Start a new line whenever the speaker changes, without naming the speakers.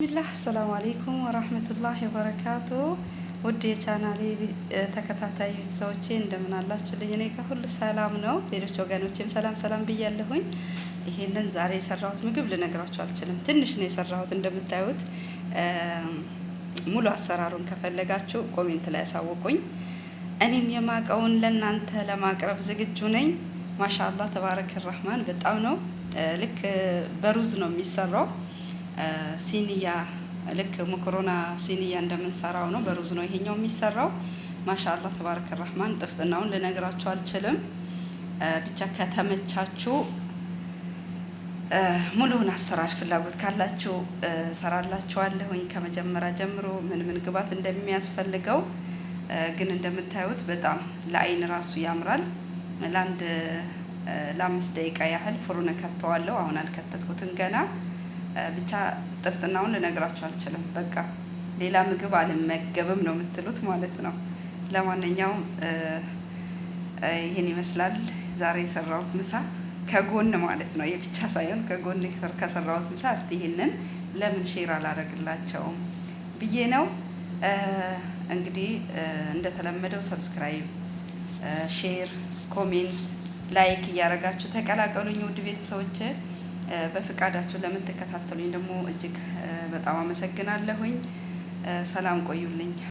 ብስሚላህ አሰላሙ አሌይኩም ወራህመቱላህ ወበረካቱ። ውድ የቻናሌ ተከታታይ ቤተሰቦቼ እንደምን አላችሁልኝ? እኔ ጋር ሁሉ ሰላም ነው። ሌሎች ወገኖችም ሰላም ሰላም ብያለሁኝ። ይሄንን ዛሬ የሰራሁት ምግብ ልነግራችሁ አልችልም። ትንሽ ነው የሰራሁት እንደምታዩት። ሙሉ አሰራሩን ከፈለጋችሁ ኮሜንት ላይ ያሳውቁኝ። እኔም የማቀውን ለእናንተ ለማቅረብ ዝግጁ ነኝ። ማሻላ ተባረክ ራህማን በጣም ነው። ልክ በሩዝ ነው የሚሰራው ሲኒያ ልክ መኮሮና ሲኒያ እንደምንሰራው ነው፣ በሩዝ ነው ይሄኛው የሚሰራው። ማሻአላ ተባረከ ረህማን። ጥፍጥናውን ልነግራችሁ አልችልም። ብቻ ከተመቻችሁ ሙሉውን አሰራር ፍላጎት ካላችሁ ወይ ከመጀመሪያ ጀምሮ ምን ምን ግባት እንደሚያስፈልገው ግን እንደምታዩት በጣም ለአይን ራሱ ያምራል። ለአንድ ለአምስት ደቂቃ ያህል ፍሩን ከተዋለሁ። አሁን አልከተትኩትን ገና ብቻ ጥፍጥናውን ልነግራችሁ አልችልም። በቃ ሌላ ምግብ አልመገብም ነው የምትሉት ማለት ነው። ለማንኛውም ይህን ይመስላል ዛሬ የሰራሁት ምሳ ከጎን ማለት ነው የብቻ ሳይሆን ከጎን ከሰራሁት ምሳ። እስቲ ይህንን ለምን ሼር አላደርግላቸውም ብዬ ነው እንግዲህ እንደተለመደው ሰብስክራይብ፣ ሼር፣ ኮሜንት፣ ላይክ እያደረጋችሁ ተቀላቀሉኝ ውድ ቤተሰቦች። በፍቃዳችሁ ለምትከታተሉኝ ደግሞ እጅግ በጣም አመሰግናለሁኝ። ሰላም ቆዩልኝ።